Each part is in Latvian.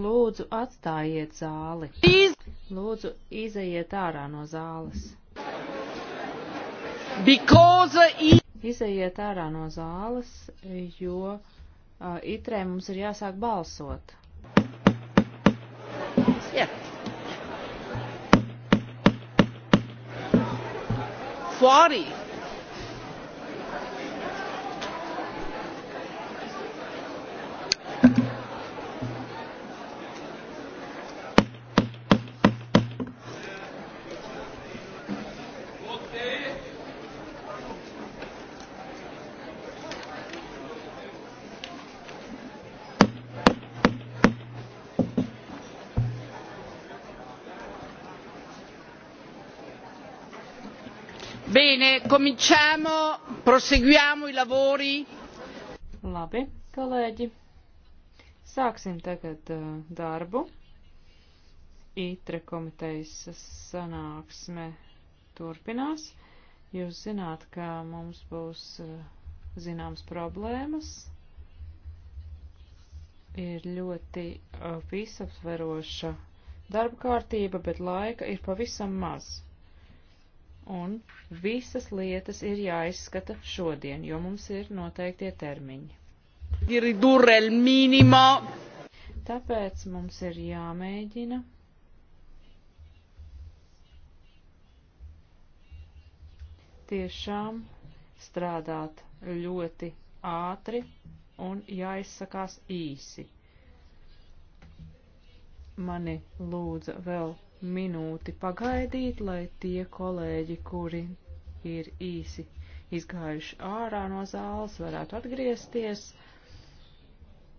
Lūdzu, atstājiet zāli. Lūdzu, izejiet ārā no zāles. Uh, izejiet ārā no zāles, jo uh, itrē mums ir jāsāk balsot. Yeah. Fuori! Bene, cominciamo, proseguiamo i lavori. Labi, kolēģi. Sāksim tagad uh, darbu. ITRE komitejas sanāksme turpinās. Jūs zināt, ka mums būs uh, eh, zināms problēmas. Ir ļoti uh, visaptveroša darba kārtība, bet laika ir pavisam maz un visas lietas ir jāizskata šodien, jo mums ir noteiktie termiņi. Tāpēc mums ir jāmēģina. Tiešām strādāt ļoti ātri un jāizsakās īsi. Mani lūdza vēl minūti pagaidīt, lai tie kolēģi, kuri ir īsi izgājuši ārā no zāles, varētu atgriezties.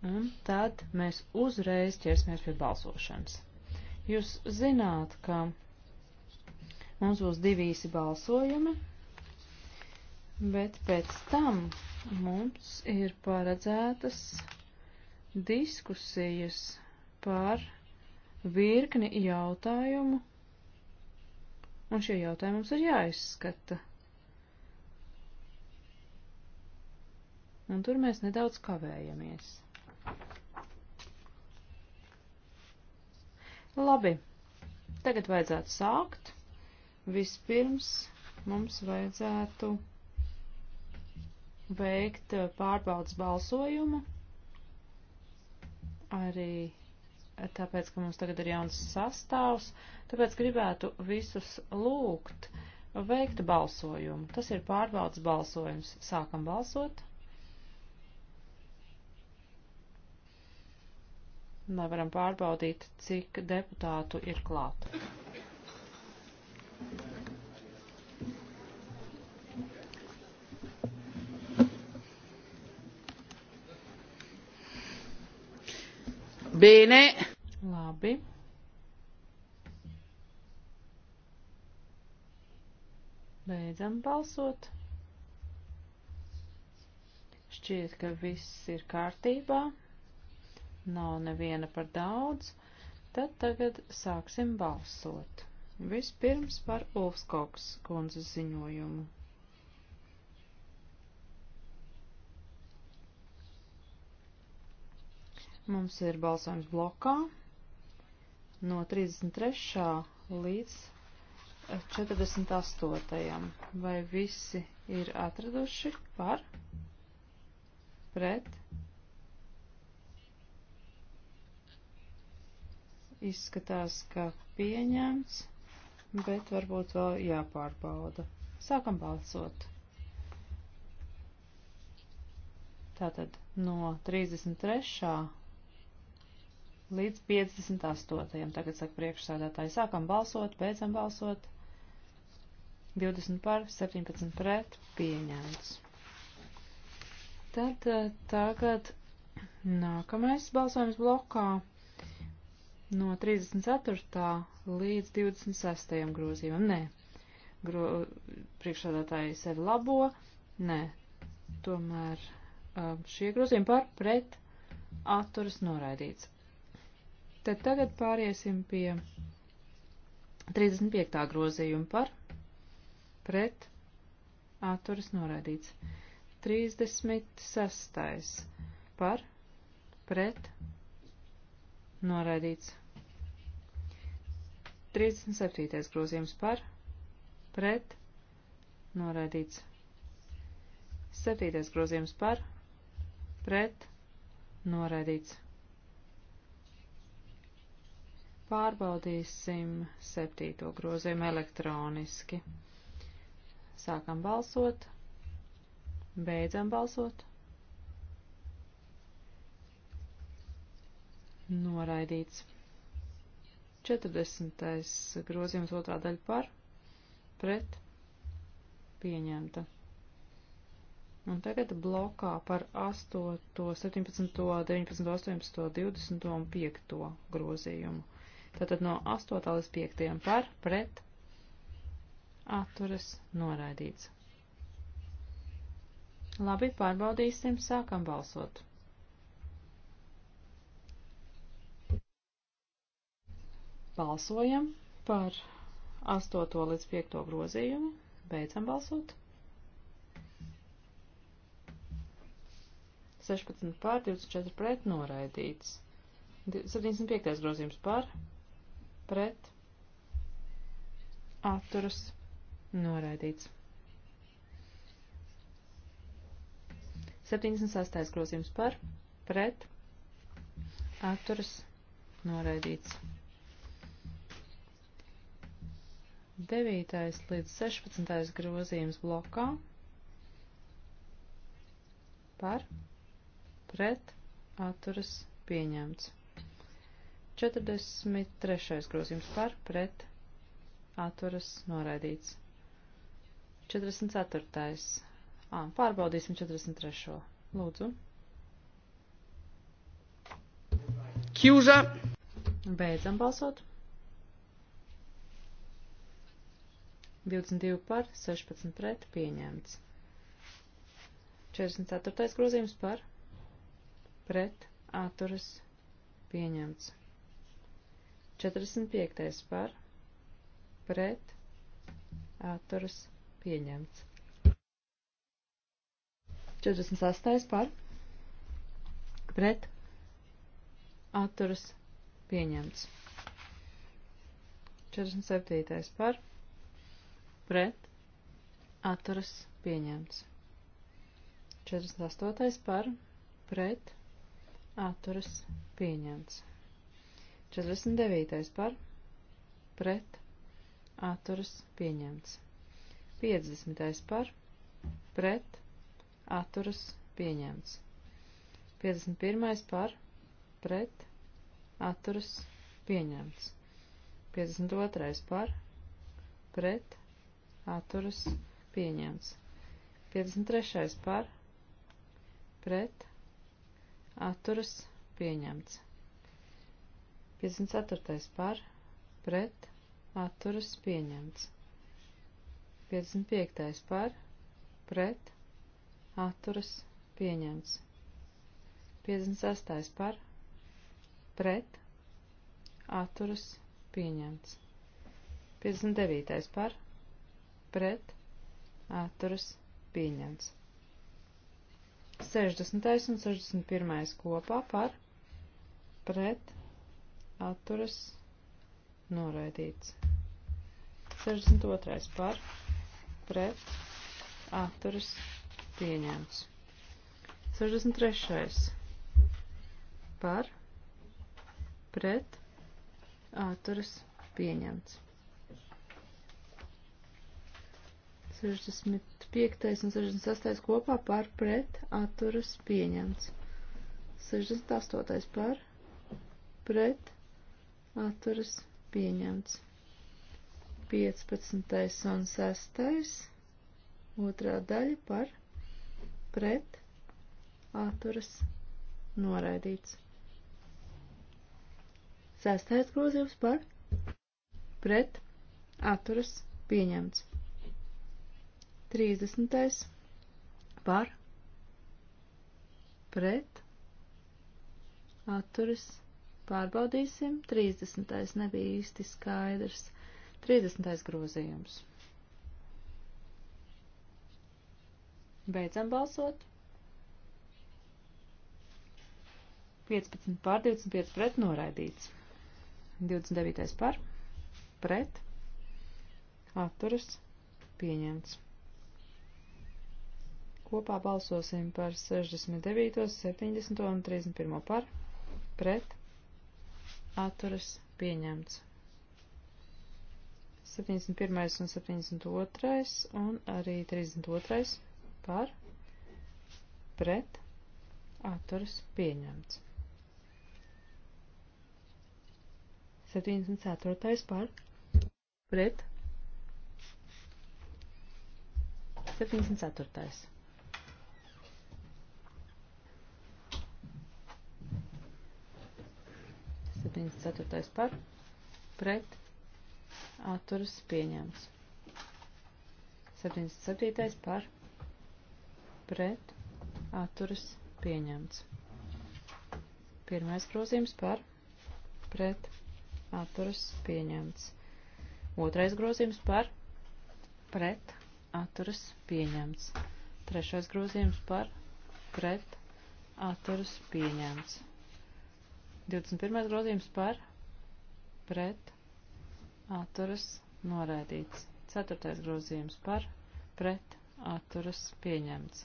Un tad mēs uzreiz ķersimies pie balsošanas. Jūs zināt, ka mums būs divi īsi balsojumi, bet pēc tam mums ir paredzētas diskusijas par virkni jautājumu, un šie jautājumi mums ir jāizskata. Un tur mēs nedaudz kavējamies. Labi, tagad vajadzētu sākt. Vispirms mums vajadzētu veikt pārbaudas balsojumu. Arī tāpēc, ka mums tagad ir jauns sastāvs, tāpēc gribētu visus lūgt veikt balsojumu. Tas ir pārbaudas balsojums. Sākam balsot. Lai varam pārbaudīt, cik deputātu ir klāt. Bene. Labi. Beidzam balsot. Šķiet, ka viss ir kārtībā. Nav neviena par daudz. Tad tagad sāksim balsot. Vispirms par Ulfskoks kundzes ziņojumu. Mums ir balsojums blokā no 33. līdz 48. Vai visi ir atraduši par? Pret? Izskatās, ka pieņemts, bet varbūt vēl jāpārbauda. Sākam balsot. Tātad no 33 līdz 58. Tagad saka priekšsādātāji, sākam balsot, beidzam balsot. 20 par, 17 pret, pieņemts. Tad eh, tagad nākamais balsojums blokā no 34. līdz 26. grozījumam. Nē, Gro, priekšsādātāji sevi labo, nē, tomēr eh, šie grozījumi par pret atturas noraidīts. Tad tagad pāriesim pie 35. grozījuma par pret atturas noraidīts. 36. par pret noraidīts. 37. grozījums par pret noraidīts. 7. grozījums par pret noraidīts. Pārbaudīsim septīto grozījumu elektroniski. Sākam balsot. Beidzam balsot. Noraidīts. 40. grozījums otrā daļa par, pret, pieņemta. Un tagad blokā par 8, 17, 19, 18, 20 un 5 grozījumu. Tātad no 8. līdz 5. par pret atturas noraidīts. Labi, pārbaudīsim, sākam balsot. Balsojam par 8. līdz 5. grozījumu. Beidzam balsot. 16 pār, 24 pret noraidīts. 75. grozījums pār, pret atturas noraidīts. 76. grozījums par pret atturas noraidīts. 9. līdz 16. grozījums blokā par pret atturas pieņemts. 43. grozījums par pret atturas noraidīts. 44. Ā, pārbaudīsim 43. Lūdzu. Kjūža. Beidzam balsot. 22 par, 16 pret, pieņemts. 44. grozījums par, pret, atturas, pieņemts. 45. par pret atturas pieņemts. 48. par pret atturas pieņemts. 47. par pret atturas pieņemts. 48. par pret atturas pieņemts. 49. par pret atturas pieņemts. 50. par pret atturas pieņemts. 51. par pret atturas pieņemts. 52. par pret atturas pieņemts. 53. par pret atturas pieņemts. 54. par, pret, atturas pieņemts. 55. par, pret, atturas pieņemts. 56. par, pret, atturas pieņemts. 59. par, pret, atturas pieņemts. 60. un 61. kopā par, pret, atturas noraidīts. 62. par pret atturas pieņemts. 63. par pret atturas pieņemts. 65. un 68. kopā par pret atturas pieņemts. 68. par pret atturas pieņemts atturas pieņemts. 15. un 6. otrā daļa par pret atturas noraidīts. 6. grozījums par pret atturas pieņemts. 30. par pret atturas pieņemts Pārbaudīsim. 30. nebija īsti skaidrs. 30. grozījums. Beidzam balsot. 15 pār 25 pret noraidīts. 29 par pret atturas pieņemts. Kopā balsosim par 69, 70 un 31 par pret atturas pieņemts. 71. un 72. un arī 32. par pret atturas pieņemts. 74. par pret 74. 74. par pret atturas pieņemts. 77. par pret atturas pieņemts. Pirmais grozījums par pret atturas pieņemts. Otrais grozījums par pret atturas pieņemts. Trešais grozījums par pret atturas pieņemts. 21. grozījums par pret atturas noraidīts. 4. grozījums par pret atturas pieņemts.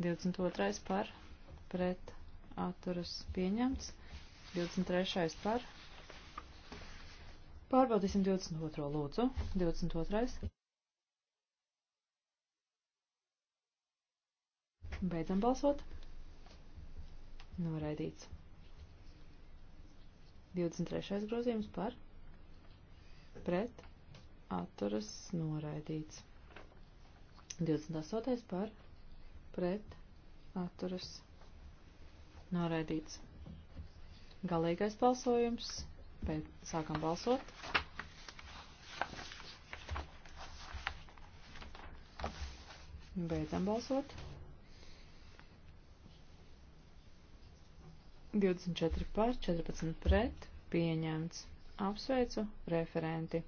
22. par pret atturas pieņemts. 23. par. Pārbaudīsim 22. lūdzu. 22. Beidzam balsot. Noraidīts. 23. grozījums par pret atturas noraidīts. 28. par pret atturas noraidīts. Galīgais balsojums. Pēc sākam balsot. Beidzam balsot. 24 par, 14 pret, pieņemts. Apsveicu referenti.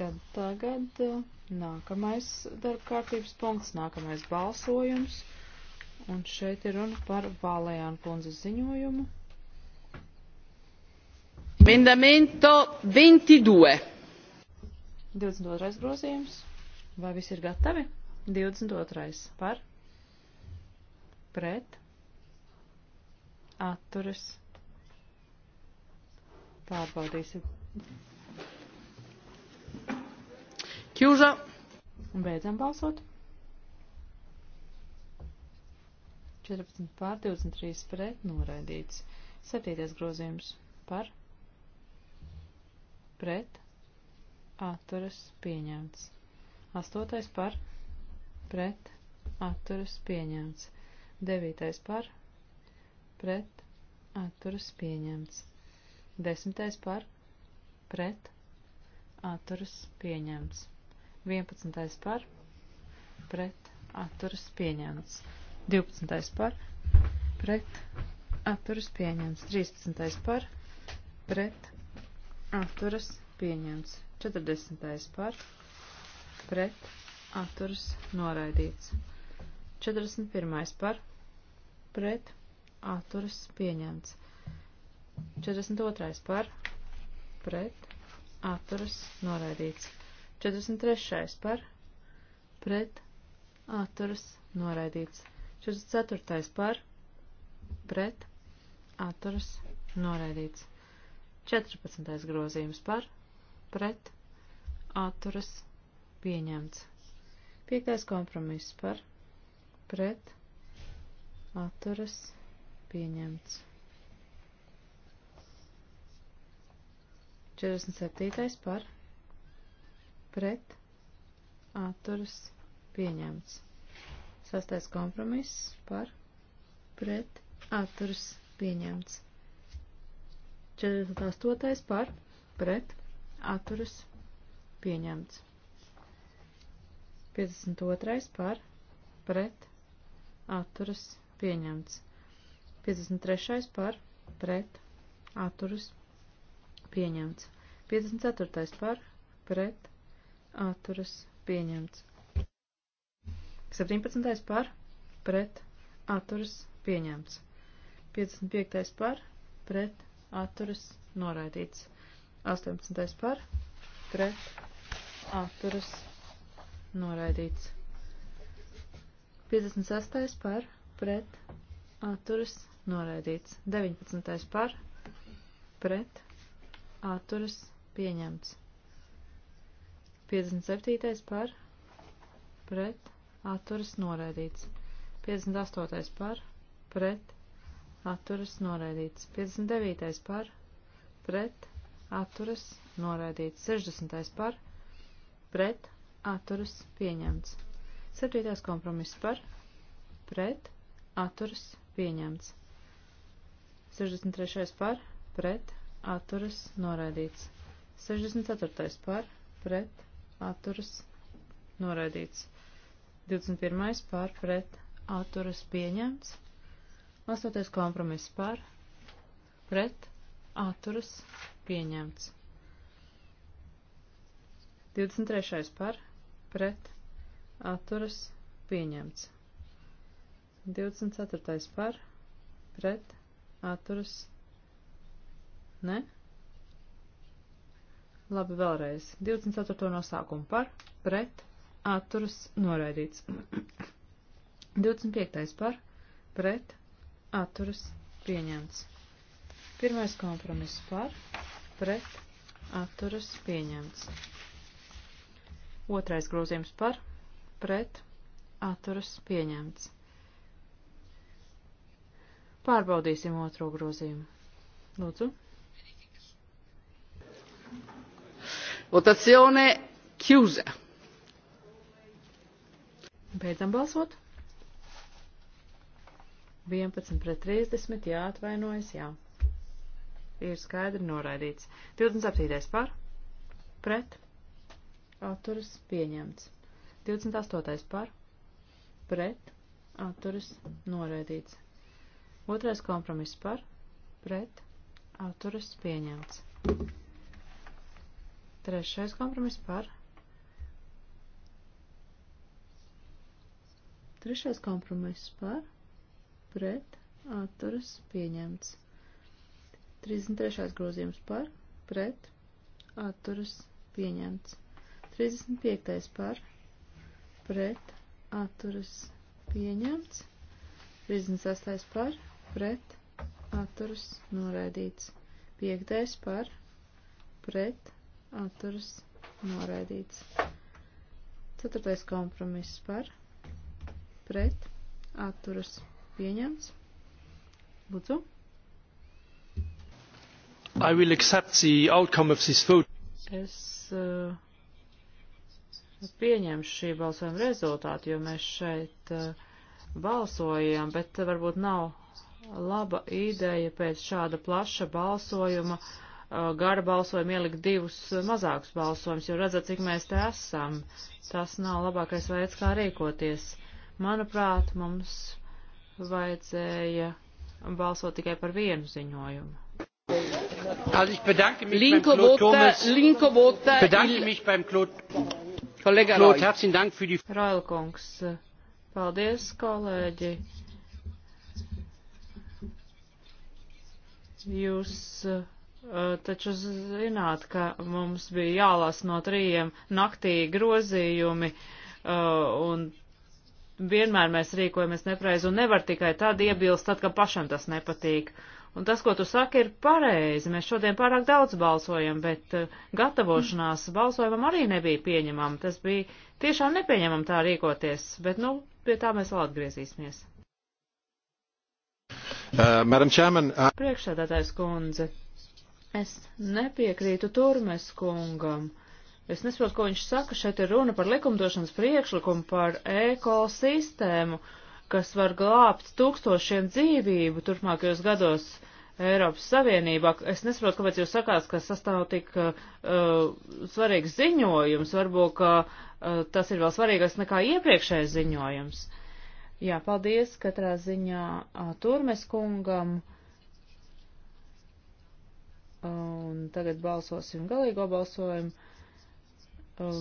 Tad tagad eh, nākamais darba kārtības punkts, nākamais balsojums. Un šeit ir runa par Valējānu kundzes ziņojumu. Mendamento 22. 22. grozījums. Vai visi ir gatavi? 22. par. Pret atturas. Pārbaudīsim. Kjūža. Un beidzam balsot. 14 pār 23 pret noraidīts. 7. grozījums par pret atturas pieņemts. 8. par pret atturas pieņemts. 9. par pret atturas pieņemts. Desmitais par pret atturas pieņemts. Vienpadsmitais par pret atturas pieņemts. Divpadsmitais par pret atturas pieņemts. Trīspadsmitais par pret atturas pieņemts. Četrdesmitais par pret atturas noraidīts. 41. par pret atturas pieņemts. 42. par pret atturas noraidīts. 43. par pret atturas noraidīts. 44. par pret atturas noraidīts. 14. grozījums par pret atturas pieņemts. 5. kompromiss par pret atturas noraidīts pieņemts. 47. par pret atturas pieņemts. 6. kompromiss par pret atturas pieņemts. 48. par pret atturas pieņemts. 52. par pret atturas pieņemts. 53. par pret atturas pieņemts. 54. par pret atturas pieņemts. 17. par pret atturas pieņemts. 55. par pret atturas noraidīts. 18. par pret atturas noraidīts. 56. par pret atturas noraidīts. 19. par pret atturas pieņemts. 57. par pret atturas noraidīts. 58. par pret atturas noraidīts. 59. par pret atturas noraidīts. 60. par pret atturas pieņemts. 7. kompromiss par pret atturas noraidīts atturas pieņemts. 63. par, pret, atturas, noraidīts. 64. par, pret, atturas, noraidīts. 21. par, pret, atturas, pieņemts. 8. kompromiss par, pret, atturas, pieņemts. 23. par, pret, atturas, pieņemts. 24. par, pret, atturas, ne? Labi, vēlreiz. 24. nosākumu par, pret, atturas, noraidīts. 25. par, pret, atturas, pieņemts. Pirmais kompromiss par, pret, atturas, pieņemts. Otrais grozījums par, pret, atturas, pieņemts. Pārbaudīsim otro grozījumu. Lūdzu. Votazione chiusa. Beidzam balsot. 11 pret 30, jāatvainojas, jā. Ir skaidri noraidīts. 27. par, pret, atturas pieņemts. 28. par, pret, atturas noraidīts. Otrais kompromiss par, pret, atturas pieņemts. Trešais kompromiss par. Trešais kompromiss par, pret, atturas pieņemts. 33. grozījums par, pret, atturas pieņemts. 35. par, pret, atturas pieņemts. 36. par, pret atturas noraidīts. Piektais par pret atturas noraidīts. Ceturtais kompromiss par pret atturas pieņemts. Lūdzu. I will accept the outcome of this vote. Es uh, pieņemšu šī balsojuma rezultātu, jo mēs šeit uh, balsojam, bet varbūt nav laba ideja pēc šāda plaša balsojuma, uh, gara balsojuma ielikt divus mazākus balsojumus, jo redzat, cik mēs te esam. Tas nav labākais veids, kā rīkoties. Manuprāt, mums vajadzēja balsot tikai par vienu ziņojumu. Also ich bedanke mich Linko beim Claude Thomas. Linko vota bedanke il... mich beim Claude. Kollege Claude, herzlichen Dank für die. Railkungs, paldies, kolēģi. Jūs uh, taču zināt, ka mums bija jālasa no trījiem naktī grozījumi, uh, un vienmēr mēs rīkojamies nepreiz, un nevar tikai tad iebilst, tad, ka pašam tas nepatīk. Un tas, ko tu saki, ir pareizi. Mēs šodien pārāk daudz balsojam, bet uh, gatavošanās balsojumam arī nebija pieņemama. Tas bija tiešām nepieņemam tā rīkoties, bet, nu, pie tā mēs vēl atgriezīsimies. Uh, Chairman, uh... Priekšsēdētājs kundze, es nepiekrītu Turmes kungam. Es nesaprotu, ko viņš saka. Šeit ir runa par likumdošanas priekšlikumu par ekosistēmu, kas var glābt tūkstošiem dzīvību turpmākajos gados. Eiropas Savienībā. Es nesaprotu, kāpēc jūs sakāt, ka sastāv tik uh, uh svarīgs ziņojums. Varbūt, ka uh, tas ir vēl svarīgāks nekā iepriekšējais ziņojums. Uh, Jā, paldies katrā ziņā Turmes kungam. Un tagad balsosim galīgo balsojumu.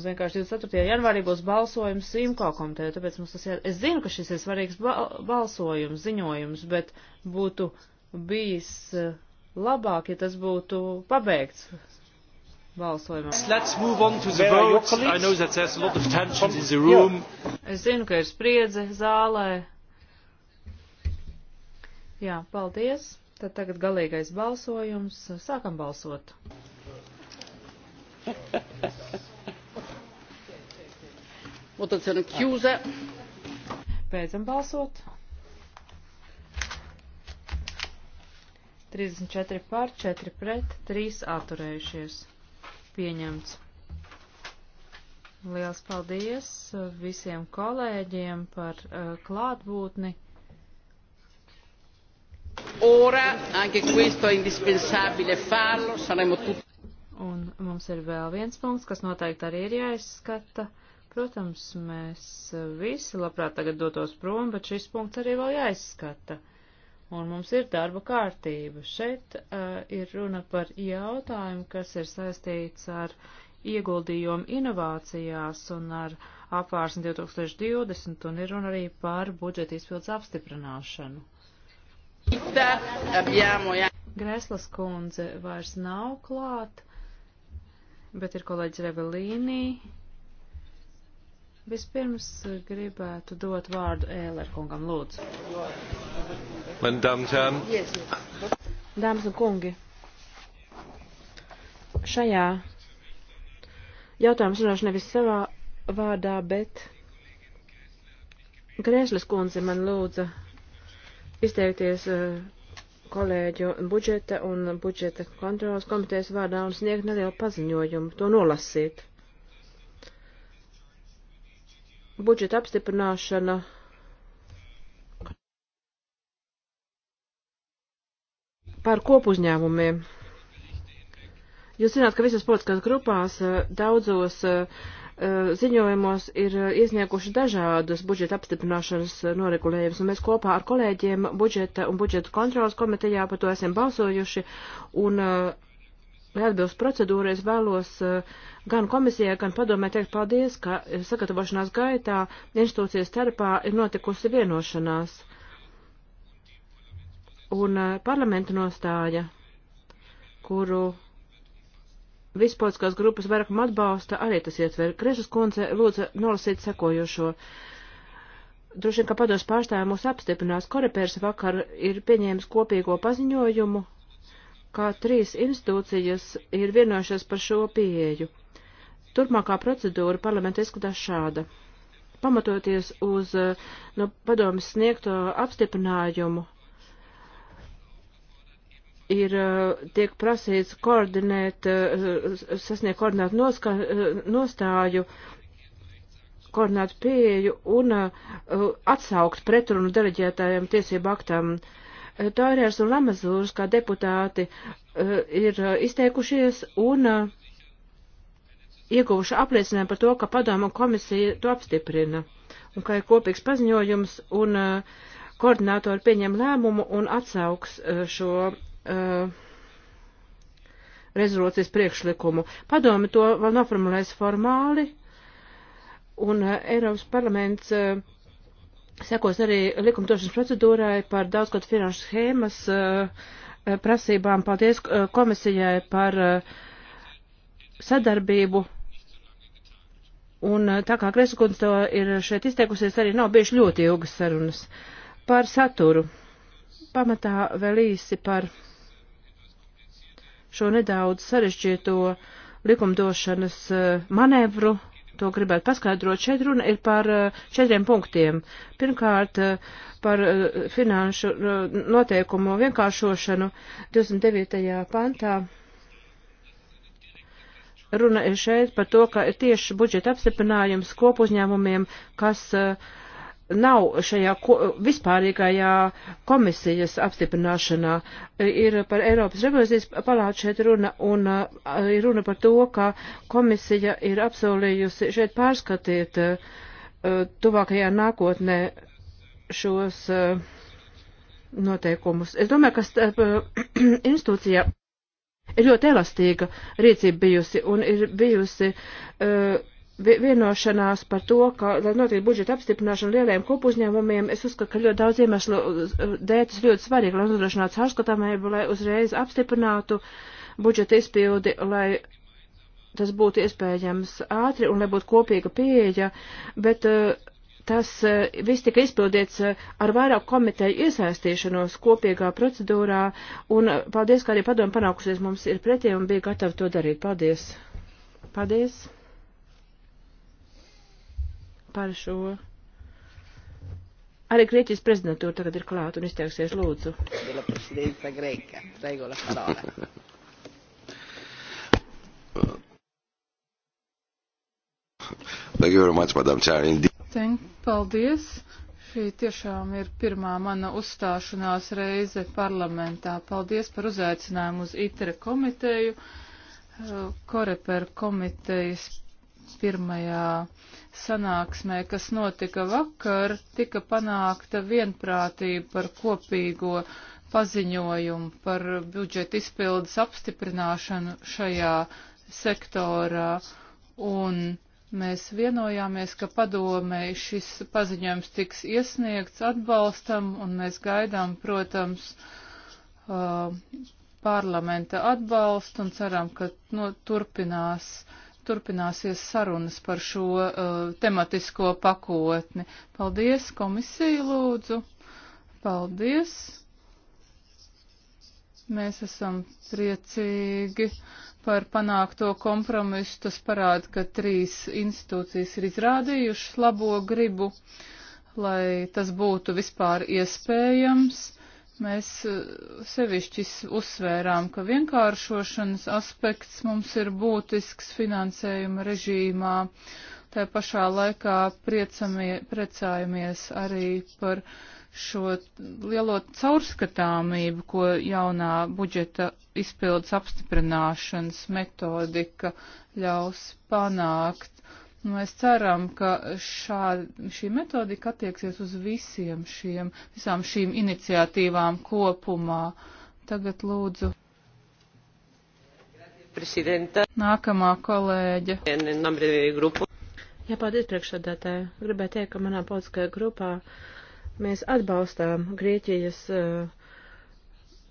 Vienkārši 24. janvārī būs balsojums Simko komitejā, tāpēc mums tas jā... Es zinu, ka šis ir svarīgs balsojums, ziņojums, bet būtu bijis labāk, ja tas būtu pabeigts balsojumā. Es zinu, ka ir spriedze zālē. Jā, paldies. Tad tagad galīgais balsojums. Sākam balsot. Votazione chiusa. Beidzam balsot. 34 pār, 4 pret, 3 atturējušies pieņemts. Liels paldies visiem kolēģiem par uh, klātbūtni. Ora, anche questo è indispensabile farlo, saremo tutti. Un mums ir vēl viens punkts, kas noteikti arī ir jāizskata. Protams, mēs visi labprāt tagad dotos prom, bet šis punkts arī vēl jāizskata un mums ir darba kārtība. Šeit uh, ir runa par jautājumu, kas ir saistīts ar ieguldījumu inovācijās un ar apvārsni 2020, un ir runa arī par budžeta izpildes apstiprināšanu. Greslas kundze vairs nav klāt, bet ir kolēģis Revelīnī. Vispirms gribētu dot vārdu Ēlerkungam, lūdzu. Meine Damen und Herren. Dāmas un kungi, šajā jautājumā runāšu nevis savā vārdā, bet Grēžlis kundze man lūdza izteikties eh, kolēģu budžeta un budžeta kontrolas komitejas vārdā un sniegt nelielu paziņojumu, to nolasīt. Budžeta apstiprināšana par kopuzņēmumiem. Jūs zināt, ka visas politiskās grupās eh, daudzos eh, eh, ziņojumos ir iesnieguši dažādus budžeta apstiprināšanas noregulējumus, un mēs kopā ar kolēģiem budžeta un budžeta kontrolas komitejā par to esam balsojuši, un Lai atbilst procedūrai, es vēlos gan komisijai, gan padomē teikt paldies, ka sagatavošanās gaitā institūcijas starpā ir notikusi vienošanās. Uh, Un eh, parlamenta nostāja, kuru vispolitiskās grupas vairākuma atbalsta, arī tas ietver. Grešas kundze lūdza nolasīt sekojošo. Droši vien, ka pados pārstāvja mūs apstiprinās, Korepērs vakar ir pieņēmis kopīgo paziņojumu, kā trīs institūcijas ir vienojušas par šo pieeju. Turpmākā procedūra parlamentā izskatās šāda. Pamatoties uz eh, no padomas sniegto apstiprinājumu, ir, eh, tiek prasīts koordinēt, eh, sasniegt koordinātu noska, eh, nostāju, koordinātu pieeju un atsaukt pretrunu deleģētājiem tiesību aktam. Tārērs un Lamazūrs kā deputāti ir izteikušies un ieguvuši apliecinājumu par to, ka padomu komisija to apstiprina un ka ir kopīgs paziņojums un koordinātori pieņem lēmumu un atsauks šo uh, rezolūcijas priekšlikumu. Padomi to vēl noformulēs formāli, un uh, Eiropas parlaments uh, sekos arī likumdošanas procedūrai par daudzgad finanšu schēmas uh, prasībām. Paldies uh, komisijai par uh, sadarbību. Un uh, tā kā Kreskunds to ir šeit izteikusies, arī nav bijuši ļoti ilgas sarunas par saturu. Pamatā vēl īsi par šo nedaudz sarežģīto likumdošanas eh, manevru, to gribētu paskaidrot. Šeit runa ir par eh, četriem punktiem. Pirmkārt, eh, par finanšu noteikumu vienkāršošanu 29. pantā. Runa ir šeit par to, ka ir tieši budžeta apstiprinājums kopuzņēmumiem, kas uh, nav šajā ko, vispārīgajā komisijas apstiprināšanā. Ir par Eiropas revizijas palātu šeit runa un ir runa par to, ka komisija ir apsolījusi šeit pārskatīt uh, tuvākajā nākotnē šos uh, noteikumus. Es domāju, ka starp uh, institūcijā ir ļoti elastīga rīcība bijusi un ir bijusi uh, vienošanās par to, ka, lai notiek budžeta apstiprināšana lielajiem kopuzņēmumiem, es uzskatu, ka ļoti daudz iemeslu eh, dēļ tas ļoti svarīgi, lai nodrošinātu sārskatāmību, lai uzreiz apstiprinātu budžeta izpildi, lai tas būtu iespējams ātri un lai būtu kopīga pieeja, bet eh, tas eh, viss tika izpildīts ar vairāk komiteju iesaistīšanos kopīgā procedūrā, un paldies, ka arī padomu panākusies mums ir pretī un bija gatavi to darīt. Paldies! Paldies! par šo. Arī Grieķijas prezidentūra tagad ir klāt un izteiksies lūdzu. Paldies! Šī tiešām ir pirmā mana uzstāšanās reize parlamentā. Paldies par uzaicinājumu uz ITRE komiteju, eh, Koreper komitejas pirmajā sanāksmē, kas notika vakar, tika panākta vienprātība par kopīgo paziņojumu par budžeta izpildes apstiprināšanu šajā sektorā. Un mēs vienojāmies, ka padomēji šis paziņojums tiks iesniegts atbalstam, un mēs gaidām, protams, uh, parlamenta atbalstu un ceram, ka no, turpinās uh, turpināsies sarunas par šo uh, tematisko pakotni. Paldies, komisija lūdzu. Paldies. Mēs esam priecīgi par panākto kompromisu. Tas parāda, ka trīs institūcijas ir izrādījušas labo gribu, lai tas būtu vispār iespējams Mēs uh, sevišķi uzsvērām, ka vienkāršošanas aspekts mums ir būtisks finansējuma režīmā. Tā pašā laikā priecājamies arī par šo lielo caurskatāmību, ko jaunā budžeta izpildes apstiprināšanas metodika ļaus panākt. Nu, mēs ceram, ka šā, šī metodika attieksies uz visiem šiem, visām šīm iniciatīvām kopumā. Tagad lūdzu. Presidenta. Nākamā kolēģe. Jā, paldies priekšsādātāji. Gribēju teikt, ka manā politiskajā grupā mēs atbalstām Grieķijas eh,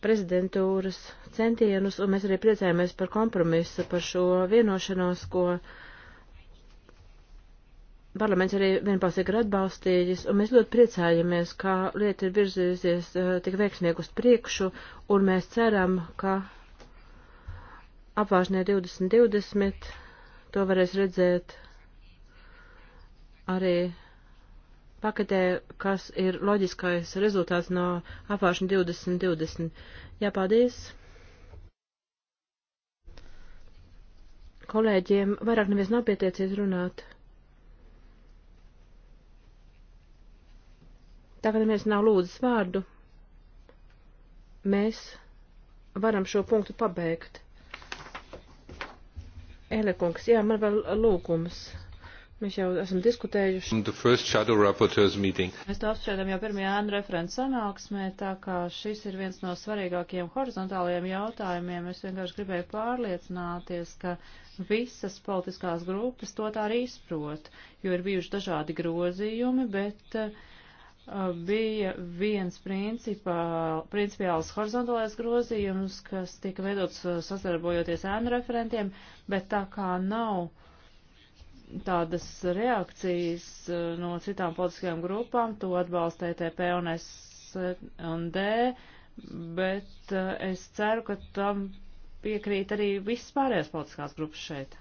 prezidentūras centienus, un mēs arī priecājamies par kompromisu, par šo vienošanos, ko parlaments arī vienbalsīgi ir atbalstījis, un mēs ļoti priecājamies, ka lieta ir virzījusies eh, tik veiksmīgi uz priekšu, un mēs ceram, ka apvāršanai 2020 to varēs redzēt arī paketē, kas ir loģiskais rezultāts no apvāršana 2020. Jā, paldies! Kolēģiem vairāk neviens nav pieteicies runāt. Tagad neviens nav lūdzis vārdu. Mēs varam šo punktu pabeigt. Elekungs, jā, man vēl lūgums. Mēs jau esam diskutējuši. Mēs to apspriedām jau pirmajā ANU referents sanāksmē, tā kā šis ir viens no svarīgākajiem horizontālajiem jautājumiem. Es vienkārši gribēju pārliecināties, ka visas politiskās grupas to tā arī izprot, jo ir bijuši dažādi grozījumi, bet uh, bija viens principā, principiāls horizontālais grozījums, kas tika veidots uh, sadarbojoties ēnu referentiem, bet tā kā nav tādas reakcijas uh, no citām politiskajām grupām, to atbalsta ETP un SD, bet uh, es ceru, ka tam piekrīt arī visas pārējās politiskās grupas šeit.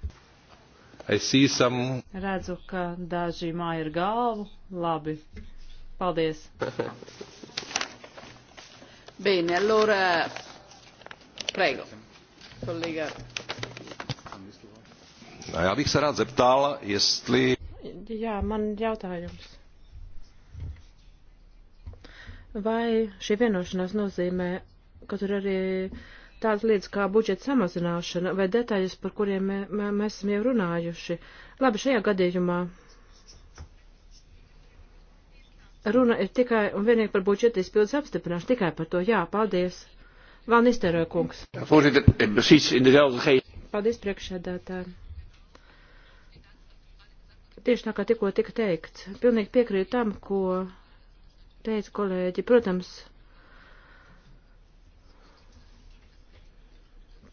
Some... Redzu, ka daži māja ir galvu. Labi. Paldies! Bene, allora prego, collega. Já bych se rád zeptal, jestli... Jā, man jautājums. Vai šī vienošanās nozīmē, ka tur arī tādas lietas kā budžeta samazināšana vai detaļas, par kuriem mē, mē, mēs esam jau runājuši? Labi, šajā gadījumā Runa ir tikai un vienīgi par budžeta izpildes apstiprināšanu, tikai par to. Jā, paldies. Vēl Nisteroj kungs. Eh, paldies priekšsēdētāji. Tieši tā kā tikko tika teikts, pilnīgi piekrītu tam, ko teica kolēģi. Protams,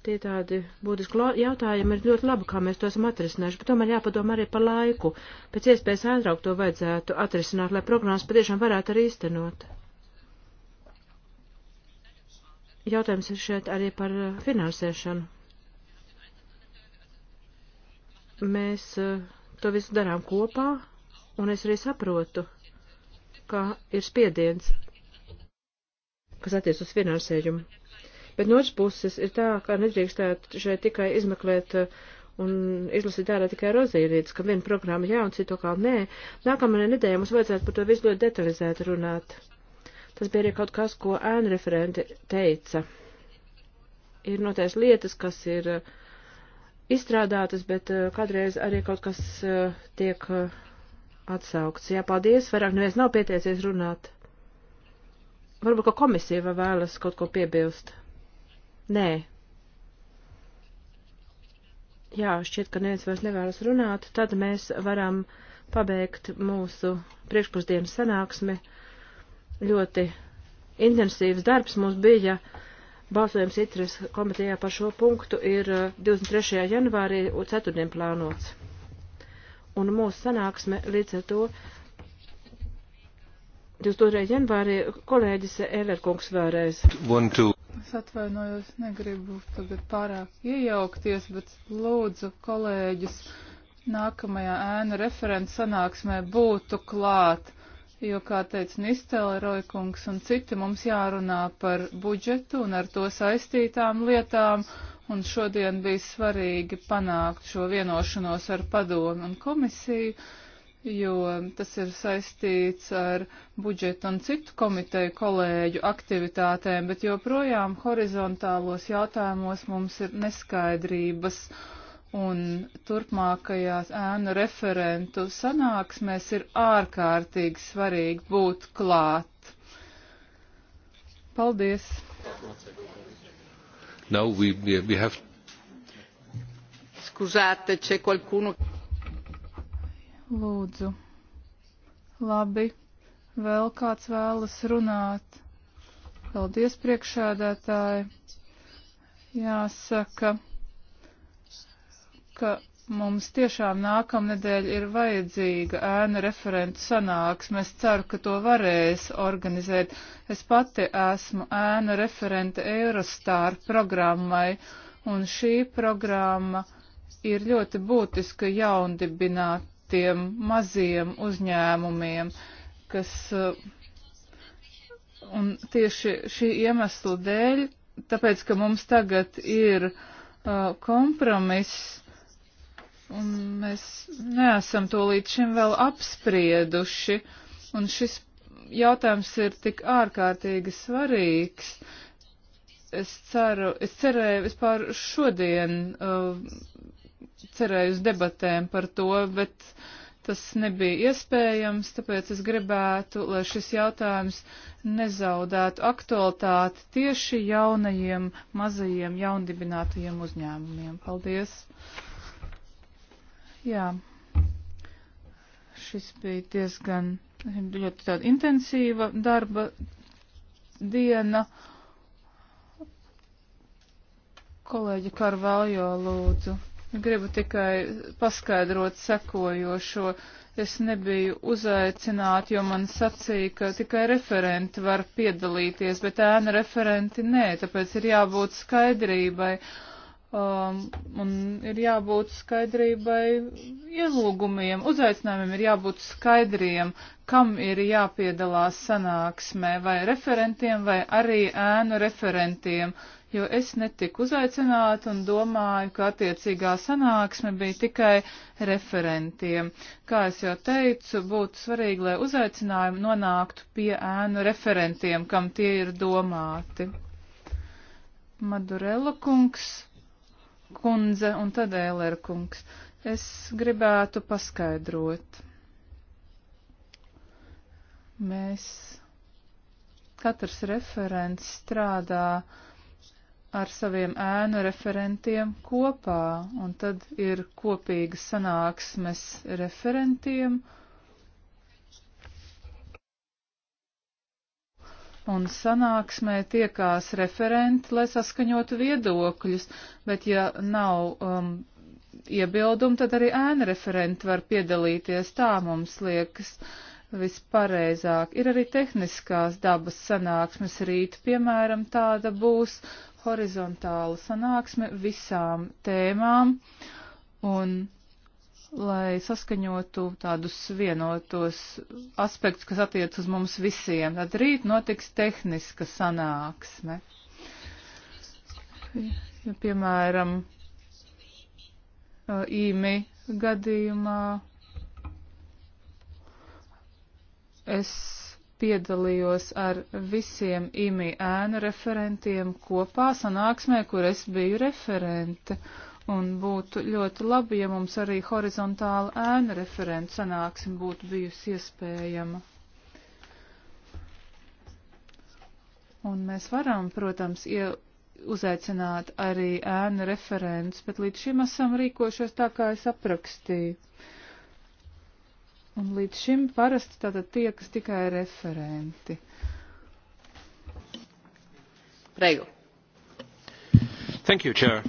Tie tādi būtiski jautājumi ir ļoti labi, kā mēs to esam atrisinājuši, bet tomēr jāpadomā arī par laiku. Pēc iespējas ātrāk to vajadzētu atrisināt, lai programmas patiešām varētu arī īstenot. Jautājums ir šeit arī par uh, finansēšanu. Mēs uh, to visu darām kopā, un es arī saprotu, ka ir spiediens, kas attiec uz finansējumu. Bet no otras puses ir tā, ka nedrīkstētu šeit tikai izmeklēt uh, un izlasīt ārā tikai rozīrītes, ka viena programma jā un citu kā nē. Nākamajā nedēļā mums vajadzētu par to visu ļoti detalizēti runāt. Tas bija arī kaut kas, ko ēna referenti teica. Ir noteikti lietas, kas ir uh, izstrādātas, bet uh, kādreiz arī kaut kas tiek atsaukts. Jā, paldies, vairāk neviens nav pieteicies runāt. Varbūt, ka komisija vēlas kaut ko piebilst. Nē. Jā, šķiet, ka neviens vairs nevēlas runāt, tad mēs varam pabeigt mūsu priekšpusdienas sanāksmi. Ļoti intensīvs darbs mums bija. Balsojums Itras komitejā par šo punktu ir 23. Eh, janvārī un ceturtdien plānots. Un mūsu sanāksme līdz ar to 22. janvārī kolēģis Everkungs vēlreiz. One, two. Es atvainojos, negribu tagad pārāk iejaukties, bet lūdzu kolēģis nākamajā ēna referents sanāksmē būtu klāt, jo, kā teica Nistela Roikungs un citi, mums jārunā par budžetu un ar to saistītām lietām, un šodien bija svarīgi panākt šo vienošanos ar padomu un komisiju. Uh, jo tas ir saistīts ar budžetu un citu komiteju kolēģu aktivitātēm, bet joprojām horizontālos jautājumos mums ir neskaidrības. Un turpmākajās ēnu referentu sanāksmēs ir ārkārtīgi svarīgi būt klāt. Paldies! Now we, we have... Scusate, c'è qualcuno... Lūdzu. Labi. Vēl kāds vēlas runāt. Paldies, priekšēdētāji. Jāsaka, ka mums tiešām nākamnedēļ ir vajadzīga ēna referentu sanāksme. Es ceru, ka to varēs organizēt. Es pati esmu ēna referente Eurostar programmai, un šī programma ir ļoti būtiska jaundibināt tiem maziem uzņēmumiem, kas eh, un tieši šī iemesla dēļ, tāpēc, ka mums tagad ir uh, kompromiss, un mēs neesam to līdz šim vēl apsprieduši, un šis jautājums ir tik ārkārtīgi svarīgs. Es ceru, es cerēju vispār šodien uh, cerēju uz debatēm par to, bet tas nebija iespējams, tāpēc es gribētu, lai šis jautājums nezaudētu aktualitāti tieši jaunajiem, mazajiem, jaundibinātajiem uzņēmumiem. Paldies! Jā, šis bija diezgan ļoti tāda intensīva darba diena. Kolēģi Karvaljo lūdzu. Gribu tikai paskaidrot sekojošo. Es nebiju uzaicināta, jo man sacīja, ka tikai referenti var piedalīties, bet ēna referenti nē, tāpēc ir jābūt skaidrībai. Um, un ir jābūt skaidrībai ielūgumiem, uzaicinājumiem ir jābūt skaidriem, kam ir jāpiedalās sanāksmē, vai referentiem, vai arī ēnu referentiem, jo es netiku uzaicināta un domāju, ka attiecīgā sanāksme bija tikai referentiem. Kā es jau teicu, būtu svarīgi, lai uzaicinājumi nonāktu pie ēnu referentiem, kam tie ir domāti. Madurella kungs, kundze un tad Ēler kungs. Es gribētu paskaidrot. Mēs katrs referents strādā uh, ar saviem ēnu referentiem kopā, un tad ir kopīgas sanāksmes referentiem. Un sanāksmē tiekās referenti, lai saskaņotu viedokļus, bet ja nav um, iebildumu, tad arī ēna referenti var piedalīties, tā mums liekas. Uh, vispareizāk. Ir arī tehniskās dabas sanāksmes rīt, piemēram, tāda būs horizontāla sanāksme visām tēmām, un lai saskaņotu tādus vienotos aspektus, kas attiec uz mums visiem, tad rīt notiks tehniska sanāksme. Ja, piemēram, īmi gadījumā Es piedalījos ar visiem IMI ēnu referentiem kopā sanāksmē, kur es biju referente. Un būtu ļoti labi, ja mums arī horizontāla ēna referenta sanāksme būtu bijusi iespējama. Un mēs varam, protams, uzaicināt arī ēnu referents, bet līdz šim esam rīkošies tā, kā es aprakstīju. Uh, Un līdz šim parasti tātad tiekas tikai referenti. Reigu. Thank you, Chair.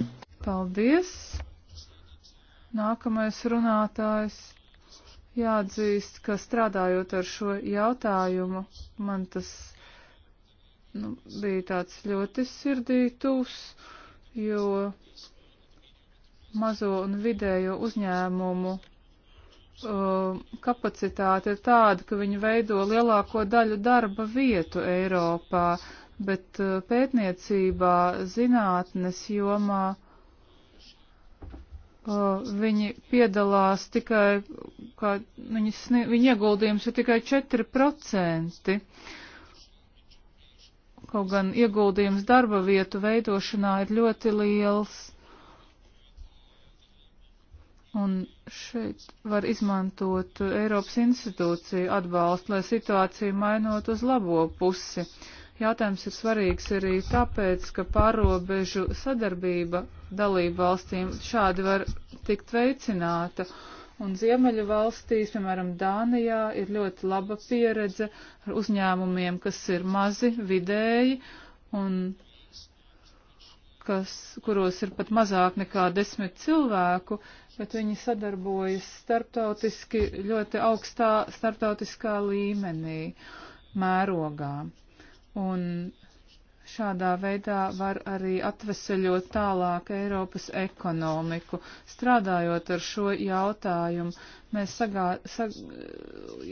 Paldies. Nākamais runātājs. Jāatzīst, ka strādājot ar šo jautājumu, man tas nu, bija tāds ļoti sirdītūs, jo mazo un vidējo uzņēmumu uh, kapacitāte ir tāda, ka viņi veido lielāko daļu darba vietu Eiropā, bet uh, pētniecībā, zinātnes jomā uh, viņi piedalās tikai, kā viņi, viņi ieguldījums ir tikai 4%. Kaut gan ieguldījums darba vietu veidošanā ir ļoti liels. Un šeit var izmantot Eiropas institūciju atbalstu, lai situāciju mainot uz labo pusi. Jātājums ir svarīgs arī tāpēc, ka pārobežu sadarbība dalību valstīm šādi var tikt veicināta. Un Ziemeļu valstīs, piemēram, Dānijā, ir ļoti laba pieredze ar uzņēmumiem, kas ir mazi, vidēji un kas, kuros ir pat mazāk nekā desmit cilvēku, bet viņi sadarbojas starptautiski ļoti augstā starptautiskā līmenī, mērogā. Un šādā veidā var arī atveseļot tālāk Eiropas ekonomiku. Strādājot ar šo jautājumu, mēs sagā, sag,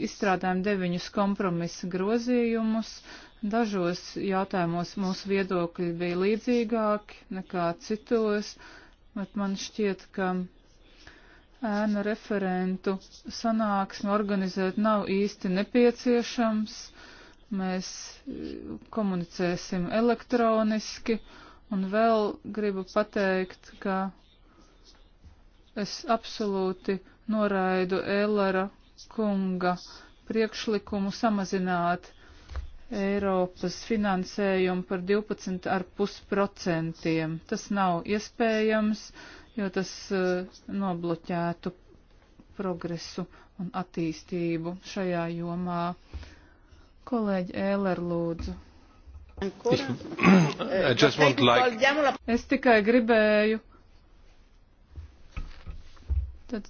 izstrādājam deviņus kompromisa grozījumus. Dažos jautājumos mūsu viedokļi bija līdzīgāki nekā citos, bet man šķiet, ka ēnu referentu sanāksmi organizēt nav īsti nepieciešams. Mēs eh, komunicēsim elektroniski un vēl gribu pateikt, ka es absolūti noraidu Ēlera kunga priekšlikumu samazināt Eiropas finansējumu par 12,5%. Tas nav iespējams jo tas eh, nobloķētu progresu un attīstību šajā jomā. Kolēģi Ēler lūdzu. Es tikai gribēju. Tad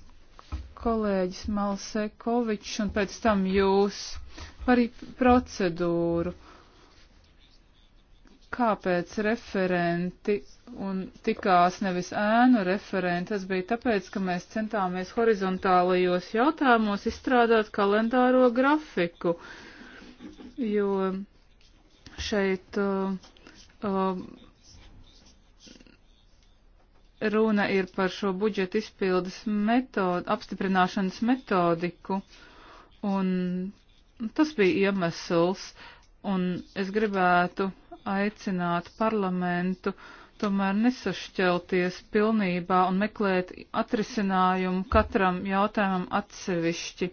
kolēģis Malsekovičs un pēc tam jūs par procedūru kāpēc referenti un tikās nevis ēnu referenti, tas bija tāpēc, ka mēs centāmies horizontālajos jautājumos izstrādāt kalendāro grafiku, jo šeit uh, um, runa ir par šo budžeta izpildes metodu, apstiprināšanas metodiku, un tas bija iemesls, un es gribētu aicināt parlamentu tomēr nesašķelties pilnībā un meklēt atrisinājumu katram jautājumam atsevišķi.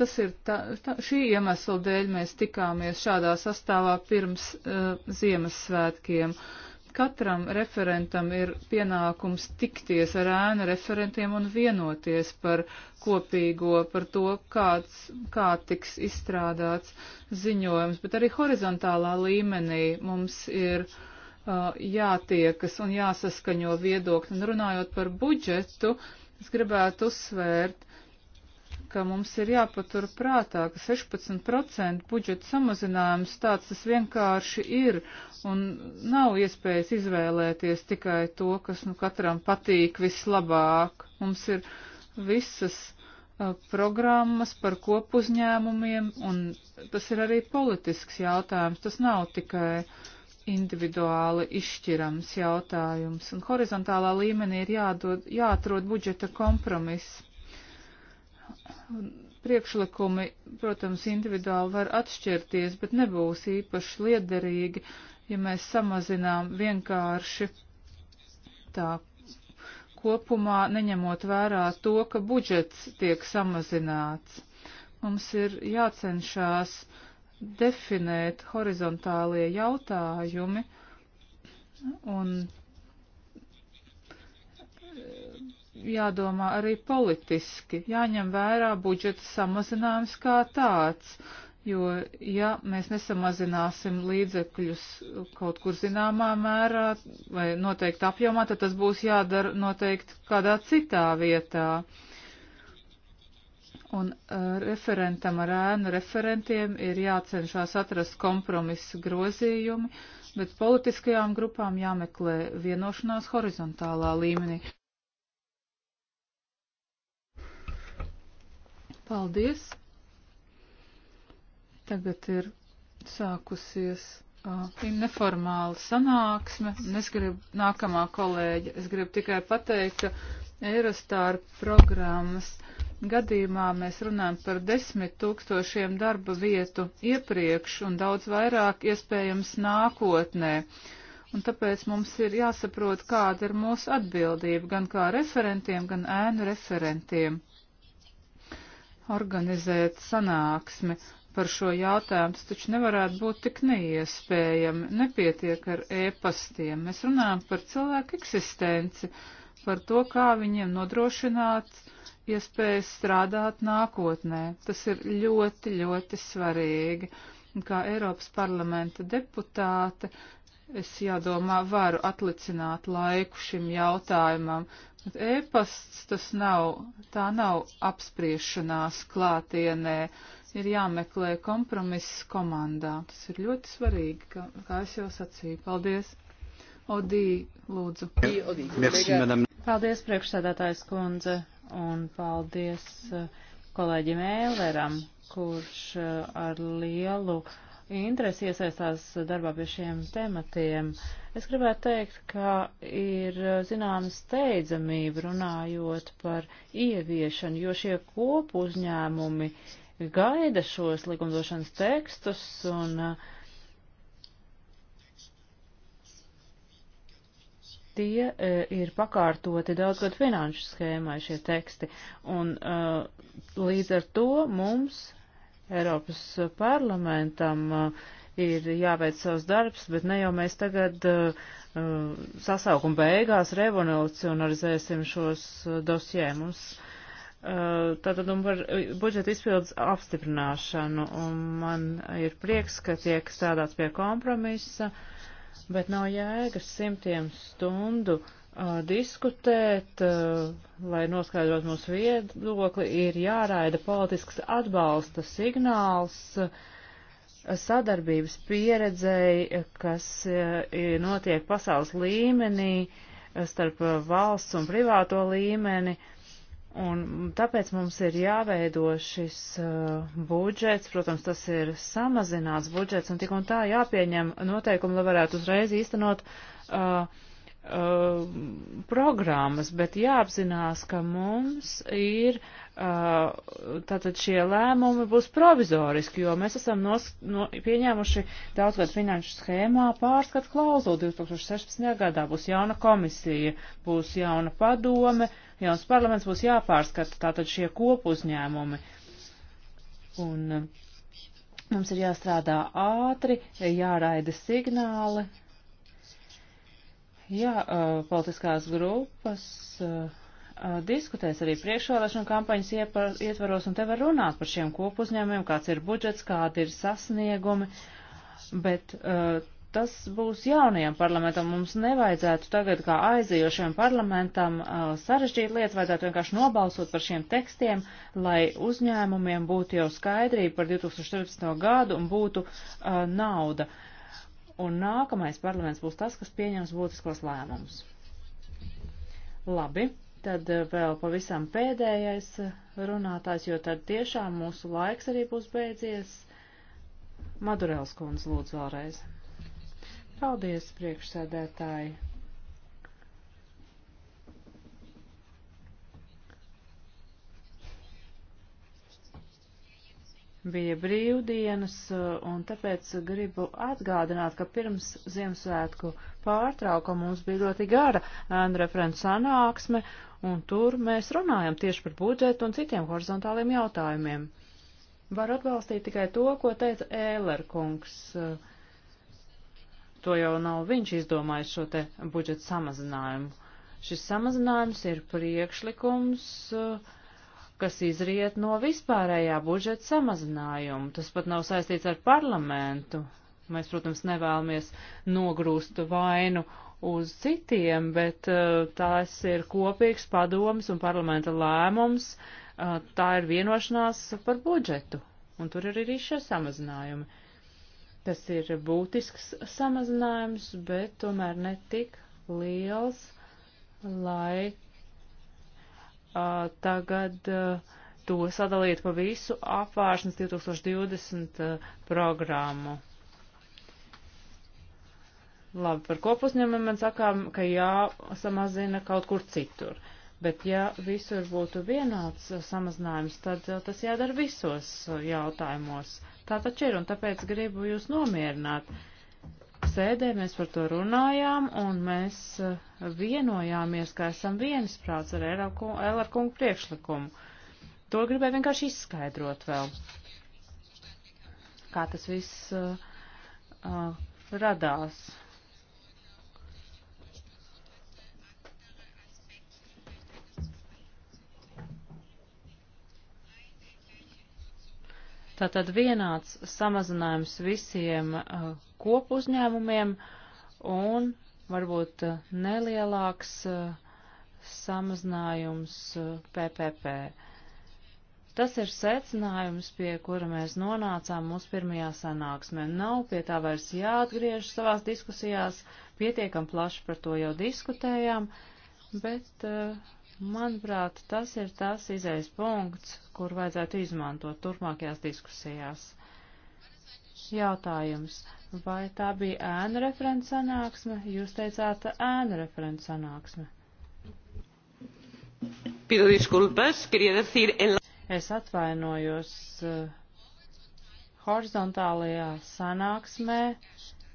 Tas ir tā, tā, šī iemesla dēļ mēs tikāmies šādā sastāvā pirms uh, Ziemassvētkiem. Uh, Katram referentam ir pienākums tikties ar ēnu referentiem un vienoties par kopīgo, par to, kāds, kā tiks izstrādāts ziņojums, bet arī horizontālā līmenī mums ir uh, jātiekas un jāsaskaņo viedokļi. Un runājot par budžetu, es gribētu uzsvērt, ka mums ir jāpatur prātā, ka 16% budžeta samazinājums tāds tas vienkārši ir un nav iespējas izvēlēties tikai to, kas nu katram patīk vislabāk. Mums ir visas uh, programmas par kopuzņēmumiem, un tas ir arī politisks jautājums. Tas nav tikai individuāli izšķirams jautājums, un horizontālā līmenī ir jādod, jāatrod budžeta kompromiss. Priekšlikumi, protams, individuāli var atšķirties, bet nebūs īpaši liederīgi, ja mēs samazinām vienkārši tā kopumā, neņemot vērā to, ka budžets tiek samazināts. Mums ir jācenšās definēt horizontālie jautājumi un jādomā arī politiski, jāņem vērā budžeta samazinājums kā tāds, jo ja mēs nesamazināsim līdzekļus kaut kur zināmā mērā vai noteikti apjomā, tad tas būs jādara noteikti kādā citā vietā. Un uh, referentam ar ēnu referentiem ir jācenšas atrast kompromisu grozījumi, bet politiskajām grupām jāmeklē vienošanās horizontālā līmenī. Paldies! Tagad ir sākusies uh, neformāla sanāksme. Es gribu, nākamā kolēģa, es gribu tikai pateikt, ka Eirostāra programmas gadījumā mēs runājam par desmit tūkstošiem darba vietu iepriekš un daudz vairāk iespējams nākotnē. Un tāpēc mums ir jāsaprot, kāda ir mūsu atbildība gan kā referentiem, gan ēnu referentiem organizēt sanāksmi par šo jautājumu, tas taču nevarētu būt tik neiespējami, nepietiek ar ēpastiem. Mēs runājam par cilvēku eksistenci, par to, kā viņiem nodrošināt iespējas strādāt nākotnē. Tas ir ļoti, ļoti svarīgi. Un kā Eiropas parlamenta deputāte, es jādomā, varu atlicināt laiku šim jautājumam, Ēpasts tas nav, tā nav apspriešanās klātienē, ir jāmeklē kompromiss komandā. Tas ir ļoti svarīgi, kā, kā es jau sacīju. Paldies! Odī, lūdzu. Merci, madame. Paldies, priekšsēdētājs kundze, un paldies eh, kolēģim Ēleram, kurš eh, ar lielu uh, interesi iesaistās darbā pie šiem tematiem. Es gribētu teikt, ka ir eh, zināma steidzamība runājot par ieviešanu, jo šie kopu uzņēmumi gaida šos likumdošanas tekstus un uh, tie e, ir pakārtoti daudzgad finanšu schēmai šie teksti, un e, līdz ar to mums Eiropas parlamentam uh, ir jāveic savs darbs, bet ne jau mēs tagad uh, uh, sasaukuma beigās revolucionarizēsim šos dosjēmus. Tātad un um, par budžeta izpildes apstiprināšanu, un man ir prieks, ka tiek strādāts pie kompromisa, bet nav jēgas simtiem stundu uh, diskutēt, lai noskaidrot mūsu viedokli, ir jāraida politisks atbalsta signāls sadarbības pieredzei, kas notiek pasaules līmenī, starp valsts un privāto līmeni. Un tāpēc mums ir jāveido šis uh, budžets, protams, tas ir samazināts budžets, un tik un tā jāpieņem noteikumi, lai varētu uzreiz īstenot uh, uh, programmas, bet jāapzinās, ka mums ir uh, tātad šie lēmumi būs provizoriski, jo mēs esam nos, no, pieņēmuši daudzgad finanšu schēmā pārskatu klauzulu 2016. gadā. Būs jauna komisija, būs jauna padome, jauns parlaments būs jāpārskata tātad šie kopuzņēmumi. Un, uh, Mums ir jāstrādā ātri, jāraida signāli, Jā, eh, politiskās grupas eh, eh, diskutēs arī priekšvēlēšanu kampaņas iepar, ietvaros, un te var runāt par šiem kopuzņēmumiem, kāds ir budžets, kādi ir sasniegumi, bet uh, tas būs jaunajam parlamentam. Mums nevajadzētu tagad kā aizējošiem parlamentam uh, sarežģīt lietas, vajadzētu vienkārši nobalsot par šiem tekstiem, lai uzņēmumiem būtu jau skaidrība par 2014. gadu un būtu uh, nauda. Uh, un nākamais parlaments būs tas, kas pieņems būtiskos lēmumus. Labi, tad eh, vēl pavisam pēdējais eh, runātājs, jo tad tiešām mūsu laiks arī būs beidzies. Madurels kundze lūdzu vēlreiz. Paldies, priekšsēdētāji! bija brīvdienas, un tāpēc gribu atgādināt, ka pirms Ziemassvētku pārtraukuma mums bija ļoti gara referents sanāksme, un tur mēs runājam tieši par budžetu un citiem horizontāliem jautājumiem. Var atbalstīt tikai to, ko teica Ēlerkungs. To jau nav viņš izdomājis šo te budžeta samazinājumu. Šis samazinājums ir priekšlikums uh, kas izriet no vispārējā budžeta samazinājuma. Tas pat nav saistīts ar parlamentu. Mēs, protams, nevēlamies nogrūst vainu uz citiem, bet uh, eh, tās ir kopīgs padoms un parlamenta lēmums. Uh, tā ir vienošanās par budžetu, un tur ir arī šie samazinājumi. Tas ir būtisks samazinājums, bet tomēr netik liels, lai Uh, tagad uh, to sadalīt pa visu apvāršanas 2020 uh, programmu. Labi, par kopuzņēmumiem man sakām, ka jāsamazina kaut kur citur. Bet ja visur būtu vienāds samazinājums, tad tas jādara visos jautājumos. Tā taču ir, un tāpēc gribu jūs nomierināt. Uh, sēdē mēs par to runājām, un mēs eh, vienojāmies, ka esam viensprāts ar Elera kungu priekšlikumu. To gribēju vienkārši izskaidrot vēl, kā tas viss uh, uh, radās. Tātad vienāds samazinājums visiem uh, kopu uzņēmumiem un varbūt uh, nelielāks uh, samazinājums PPP. Uh, tas ir secinājums, pie kura mēs nonācām mūsu pirmajā sanāksmē. Nav pie tā vairs jāatgriež savās diskusijās, pietiekam plaši par to jau diskutējām, bet, manuprāt, tas ir tas izējas punkts, kur vajadzētu izmantot turpmākajās diskusijās. Jautājums, vai tā bija ēnu referents sanāksme? Jūs teicāt ēnu referents sanāksme. Pido disculpas, quería decir en la... Es atvainojos uh, horizontālajā sanāksmē,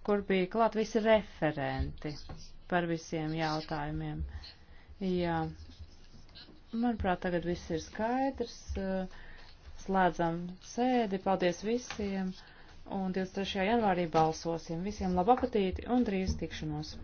kur bija klāt visi referenti par visiem jautājumiem. Jā, manuprāt, tagad viss ir skaidrs. Uh, slēdzam sēdi. Paldies visiem! un 23. janvārī balsosim. Visiem labu apetīti un drīz tikšanos!